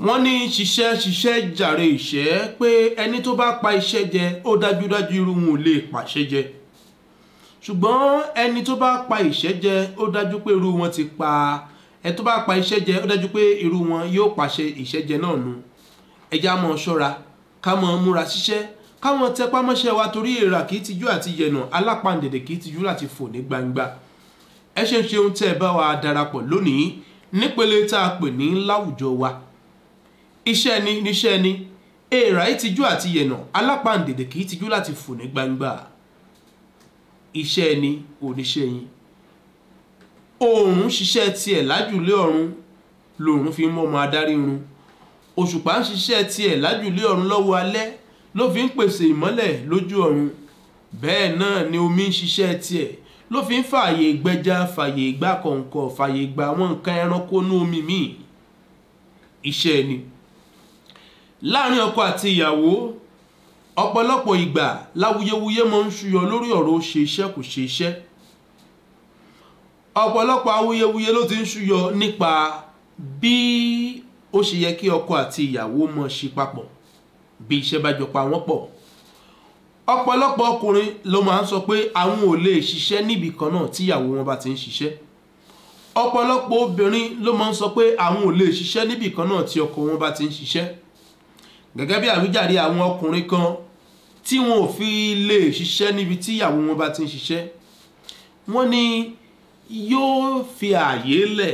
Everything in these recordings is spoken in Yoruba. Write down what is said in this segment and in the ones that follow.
wọ́n ní ṣiṣẹ́ ṣiṣẹ́ jàre ìṣẹ́ pé ẹni tó bá pa iṣẹ́ jẹ ó dájúdájú irú wọn ò lè pàṣẹ jẹ ṣùgbọ́n ẹni tó bá pa ìṣẹ́ jẹ ó dájú pé irú wọn ti pa ẹni tó bá pa iṣẹ́ jẹ ó dájú pé irú wọn yóò pàṣẹ ìṣẹ́ jẹ náà nu ẹja mọ ṣọ́ra ká mọ múra ṣiṣẹ́ káwọn tẹpámọ́ṣẹ́ wa torí èrà kì í tijú àti yẹnà alápàǹdẹ̀dẹ̀ kì í tijú láti fò ní gbangba ẹ ṣe ń ṣeun tẹ́ ẹ bá wa darapọ̀ lónìí nípele tá a pè ní láwùjọ wa iṣẹ́ ni níṣẹ́ ni èèrà yìí tijú àti yẹ̀nà alápàǹdèdè kì í tijú láti fò ní gbangba iṣẹ́ ni oníṣẹ́ yín oòrùn ṣiṣẹ́ tiẹ̀ lájùlé ọ̀run lòòrùn fi ń mọ́ ọmọ adarí run òṣùpá ń ṣiṣẹ́ tiẹ̀ lájùlé ọ̀run lọ́wọ́ alẹ́ ló fi ń pèsè ìmọ́lẹ̀ lójú ọ̀run bẹ́ẹ̀ náà ni omi ń ṣiṣẹ́ tiẹ̀ ló fi ń fààyè gbẹja fààyè gbà kọ̀ǹkọ̀ fààyè gbà àwọn nǹkan ẹranko ní omi míì iṣẹ́ ni láàrin ọkọ àti ìyàwó ọ̀pọ̀lọpọ̀ ìgbà láwuyewuye máa ń ṣúyọ lórí ọ̀rọ̀ ṣe iṣẹ́ kò ṣe iṣẹ́ ọ̀pọ̀lọpọ̀ awuyewuye ló ti ń ṣúyọ nípa bí ó ṣe yẹ kí ọkọ àti ìyàwó mọ̀ ṣe papọ̀ bí iṣẹ́ bá jọ pa wọ́n pọ̀ ọ̀pọ̀lọpọ̀ ọkùnrin ló máa ń sọ pé àwọn ò lè ṣiṣẹ́ níbì kan náà tíyàwó wọn bá ti ń ṣiṣẹ́ ọ̀pọ̀lọpọ̀ obìnrin ló máa ń sọ pé àwọn ò lè ṣiṣẹ́ níbì kan náà tí ọkọ wọn bá ti ń ṣiṣẹ́ gẹ́gẹ́ bí àwíjàre àwọn ọkùnrin kan tí wọn ò fi lè ṣiṣẹ́ níbi tí ìyàwó wọn bá ti ń ṣiṣẹ́ wọ́n ní yóò fi ààyè lẹ̀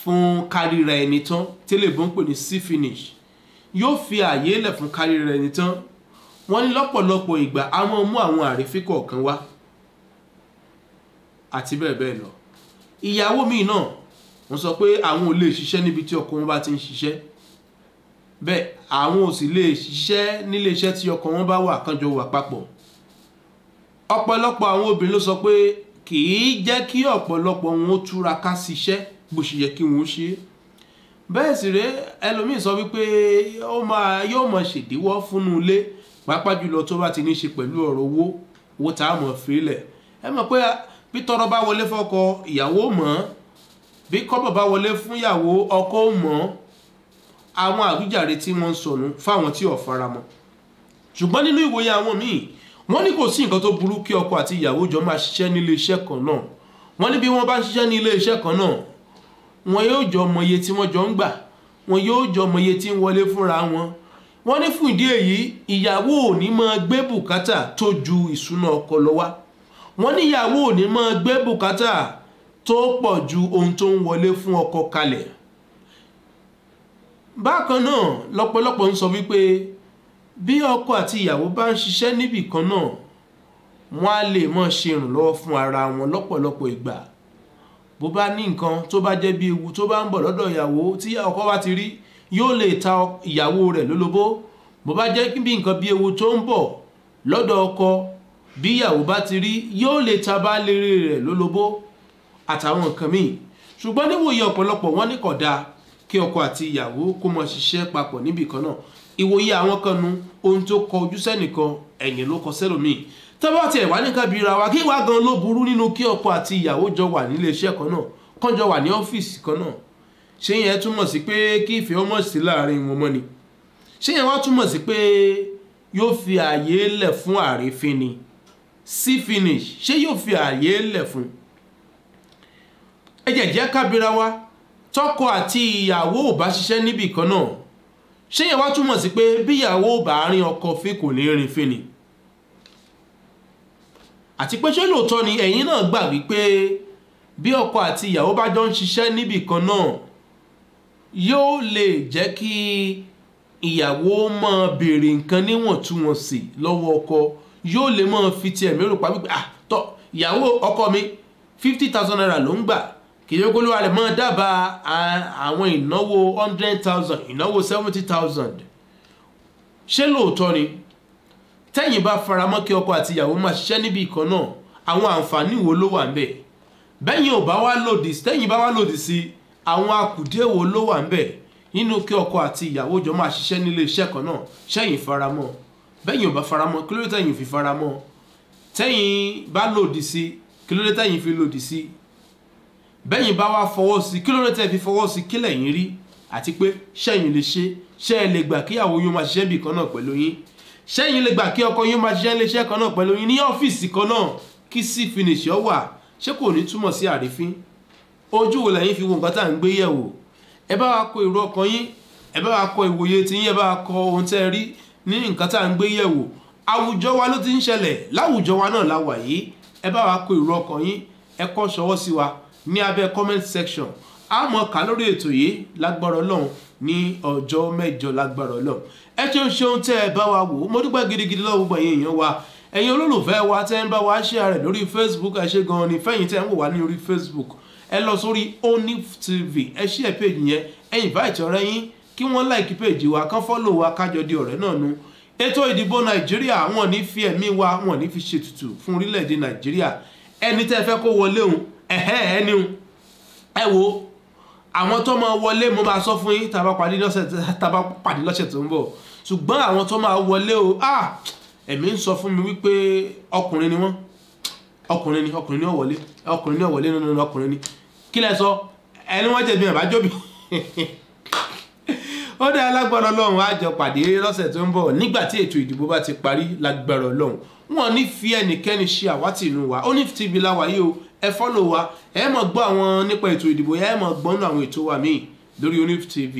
fún kárìíra ẹni tán tẹ́lẹ̀bù ń pè ní sí finish yóò fi ààyè lẹ̀ fún kárìíra ẹni tán wọ́n ní lọ́pọ̀lọpọ̀ ìgbà a máa mú àwọn àrífín kọ̀ọ̀kan wá àti bẹ́ẹ̀ bẹ́ẹ̀ lọ ìyàwó mi náà wọ́n sọ pé àwọn ò lè ṣiṣẹ́ níbi tí ọkọ wọn bá ti ń ṣiṣẹ́ bẹ́ẹ̀ àwọn ò sì lè ṣiṣẹ́ níléeṣẹ́ tí ọkọ wọn bá wà kánjọ wà papọ̀ ọ̀pọ̀lọpọ̀ àwọn obìnrin ló sọ pé kì í jẹ́ kí ọ̀pọ̀lọpọ̀ wọn ó túraká ṣiṣẹ́ bó ṣe yẹ kí wọn ó ṣe é bẹ́ẹ̀ sì rèé ẹlòmíín sọ wípé ó máa yóò mọ̀ ṣèdíwọ́ fúnnú ilé pàápàá jùlọ tó bá ti ní ṣe pẹ̀lú ọ̀rọ̀ owó owó tá a mọ̀ fílẹ̀ ẹ mọ̀ pé bí tọrọ bá wọlé fọkọ ìyàwó mọ̀ bí kọ́bọ̀ bá wọlé fún ìyàwó ọkọ mọ̀ ọ́ àwọn àwíjàre tí wọ́n ń sọnù fáwọn tí ò faramọ́ ṣùgbọ́n nínú ìwòye àwọn míì wọ́n ní kò sí nǹkan tó burú kí ọkọ àti ìyàwó jọ máa ṣiṣẹ́ ní iléeṣẹ́ kan náà wọ́n ní bí wọ́n bá ń ṣiṣẹ́ ní iléeṣẹ́ kan náà wọn yóò jọ ọmọ iye tí wọ́n jọ ń gbà wọn yóò jọ ọmọ iye tí ń wọlé fúnra wọn wọ́n ní fún ìdí èyí ìyàwó ò ní máa gbé bùkátà tó ju ìṣúná ọkọ lọ wá wọ́n ní ìyàwó ò ní máa gbé bùkátà tó pọ̀ ju ohun tó ń wọlé fún ọkọ kalẹ̀ bákan náà lọ́pọ̀lọpọ̀ ń sọ wípé bí ọkọ àti ìyàwó bá ń ṣiṣẹ́ níbì kan náà wọ́n á lè mọ̀ ṣe ìrànlọ́wọ́ fún ara wọn lọ́pọ̀lọpọ̀ ìgbà bó bá ní nǹkan tó bá jẹ́ bí ewu tó bá ń bọ̀ lọ́dọ̀ ìyàwó tí ọkọ bá ti rí yóò lè ta ìyàwó rẹ̀ lólobó bó bá jẹ́ bí nǹkan bí ewu tó ń bọ̀ lọ́dọ̀ ọkọ bí ìyàwó bá ti rí yóò lè ta baálé rẹ̀ lólobó àtàwọn nǹkan míì ṣùgbọ́n níwòye ọ̀pọ̀lọpọ̀ wọn ní kódà kí ọkọ àti ìyàwó kó mọ ṣiṣẹ́ papọ̀ níbì kan náà ìwòye àwọn kan nu ohun tó kọ ojú sẹ́nìkan ẹ̀yìn ló kọ sẹ́lòmíì tọ́bọ̀ tiẹ̀ wá ní kábíra wa kí wàá gan ló burú nínú kí ọkọ àti ìyàwó jọ wà nílé iṣẹ́ kan náà kán jọ wà ní ọ́fíìsì kan náà ṣé yẹn túmọ̀ sí pé kí ìfẹ́ ọmọ sí láàrin wọn mọ́ ni ṣé yẹn wá túmọ̀ sí pé yóò fi ààyè lẹ̀ fún àrífín ni sí finish ṣé yóò fi ààyè lẹ̀ fún ẹ jẹ́ jẹ́ kábíra wa tọkọ àti ìyàwó ò bá ṣiṣẹ́ níbì kan náà ṣé yẹn wá túmọ̀ sí pé bí ìyàwó ò bá rin ọkọ fi kò ní rin fi ni àti pé ṣé lóòótọ́ ni ẹ̀yin náà gbà wípé bí ọkọ àti ìyàwó bá jọ ń ṣiṣẹ́ níbì kan náà yóò lè jẹ́ kí ìyàwó máa béèrè nǹkan níwọ̀ntúnwọ̀nsì lọ́wọ́ ọkọ yóò lè máa fi tiẹ̀ mérò pa wípé ah tọ́ ìyàwó ọkọ mi fifty thousand naira ló ń gbà kìyókòló alẹ̀ mọ́ dábàá àwọn ìnáwó hundred thousand ìnáwó seventy thousand ṣé lóòótọ́ ni tẹ́yìn bá faramọ́ kí ọkọ àti ìyàwó máa ṣiṣẹ́ níbi ìkan náà àwọn àǹfààní wo ló wà ń bẹ̀ bẹ́yìn ò bá wá lòdì tẹ́yìn bá wá lòdì sí àwọn akùdé wo ló wà ń bẹ̀ nínú kí ọkọ àti ìyàwó jọ máa ṣiṣẹ́ nílé iṣẹ́ kan náà ṣẹ́yìn faramọ́ bẹ́yìn ò bá faramọ́ kí ló dé tẹ́yìn fi faramọ́ tẹ́yìn bá lòdì sí kí ló dé tẹ́yìn fi lòdì sí bẹ́yìn bá wá fọwọ́ sí kí ló rẹ̀ tẹ́ fi fọwọ́ sí kí lẹ́yìn rí àti pé ṣẹ́yìn lè ṣe ṣé ẹ lè gbà kíyàwó yóò máa ṣiṣẹ́ bì kan náà pẹ̀lú yín ṣẹ́yìn lè gbà kí ọkọ yóò máa ṣiṣẹ́ iléeṣẹ́ kan náà pẹ̀lú yín ní ọ́fíìsì kan náà kí sí finish ọ wà ṣé kò ní túmọ̀ sí àrífín ojú wo lẹ́yìn fi wo nǹkan tá à ń gbé yẹ̀wò ẹ bá wa kọ èrò ọkàn yín ẹ bá wa kọ ìwòye tí yín ẹ bá wa kọ ohun tẹ́ rí ní nǹkan tá à ń gbé yẹ̀wò àwùjọ wa ló ti ń ṣẹlẹ̀ láwùjọ wa náà la wà yìí ẹ bá wa kọ èrò ọkàn yín ẹ kọ́ ṣọwọ́ sí wa ní abẹ́ comment section a mọ̀ ká lórí ètò yìí lágbára ọlọ́run ní ọjọ́ mẹ́jọ lágbára ọlọ́run ẹ ṣeun ṣeun tẹ́ ẹ bá wa wò ó mo dúpẹ́ gidigidi lọ́wọ́ gbogbo ẹ̀yin èèyàn wa ẹ̀yin olólùfẹ́ wa tẹ́ ń bá wa ṣe rẹ̀ lórí facebook ẹ ṣe gan-an ni fẹ́yìn tẹ́ ń wò wá ní orí facebook ẹ lọ sórí onif tv ẹ ṣí ẹ péjì yẹn ẹ invite ọ̀rẹ́ yín kí wọ́n láìkí péjì wa kán fọ́lò wa kájọ di ọ̀rẹ́ náà nu ètò ìdìbò nàìjíríà wọn ní fi ẹ̀mí wa wọn ní fi ṣètùtù fún orílẹ̀-èdè nàìjíríà ẹni tẹ́ fẹ́ kó wọlé òun ẹ̀hẹ́ ẹ̀ ni ẹ wo àwọn tó máa wọlé mo máa sọ fún yín tá a bá pàdé lọ́sẹ̀ tó ń bọ̀ ṣùgbọ́n àwọn tó máa wọlé o ẹ̀mí ń sọ fún mi wípé ọkùnrin ni wọ́n ọkùnrin ni ọkùnrin ni ó wọlé ọkùnrin ni ó wọlé nínú ọkùnrin ni kí lẹ sọ ẹni wọ́n jẹ̀bi àbájọ́bì ó dá alágbára ọlọ́run á jọ pàdé lọ́sẹ̀ tó ń bọ̀ nígbà tí ètò ìdìbò bá ti parí lágbára ọlọ́run wọn ní fi ẹnikẹ́ni ṣe àwátì inú wa ó ní tìbí láwa yìí o ẹ fọ́lò wa ẹ mọ̀ gbọ́ àwọn nípa ètò ìdìbò yẹn ẹ mọ̀ gbọ́ nínú àwọn ètò wa míì lórí Onif TV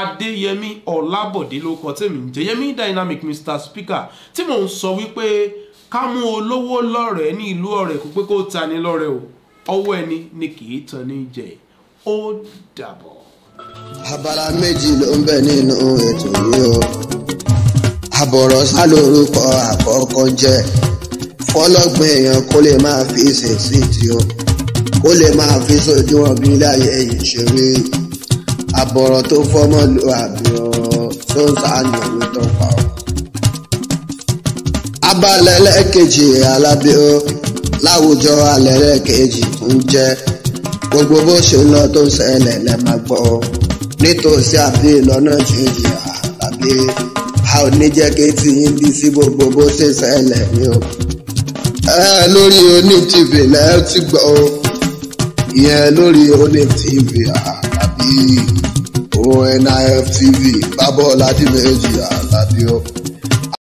adéyẹmí ọlábọ̀dé ló kọ tèmi ń jẹyẹmí dynamic mr speaker tí mò ń sọ wípé ká mú olówó lọ́rẹ̀ẹ́ ní ìlú ọ̀rẹ́ kó pé kó ta ni lọ́rẹ́ o ọwọ́ ẹni ni kì í tan ní jẹ ó dàbọ̀. abala méjì ló ń bẹ nínú ètò yìí o àbọ̀rọ̀ sá lórúkọ àkọ́kọ́ jẹ́ kọ́lọ́gbọ̀n èèyàn kó lè máa fi ṣèṣì tí ó kó lè máa fi sòdiwọ̀n bí láyé ìṣeré àbọ̀rọ̀ tó fọ́mọ́ lu àbúrò tó ń sáànù ìlú tó pa ọ́. abalẹ̀ lẹ́ẹ̀kejì alábíó láwùjọ alẹ́ lẹ́ẹ̀kejì ń jẹ́ gbogbo bó ṣe ń lọ tó ń ṣẹlẹ̀ lẹ́ máa gbọ́ nítòsí àbí lọ́nà jìnjìn àlàbí a ò ní jẹ́ kí tiyín bí sí gbogbo bó ṣe ṣẹlẹ̀ ní o. Ah, lórí onítìfì lẹ́ẹ̀ ti gbọ́ ìyẹn lórí onítìfì ah, àbí onif tv bábọ́ ládìmẹ́jì àládìọ́. Ah,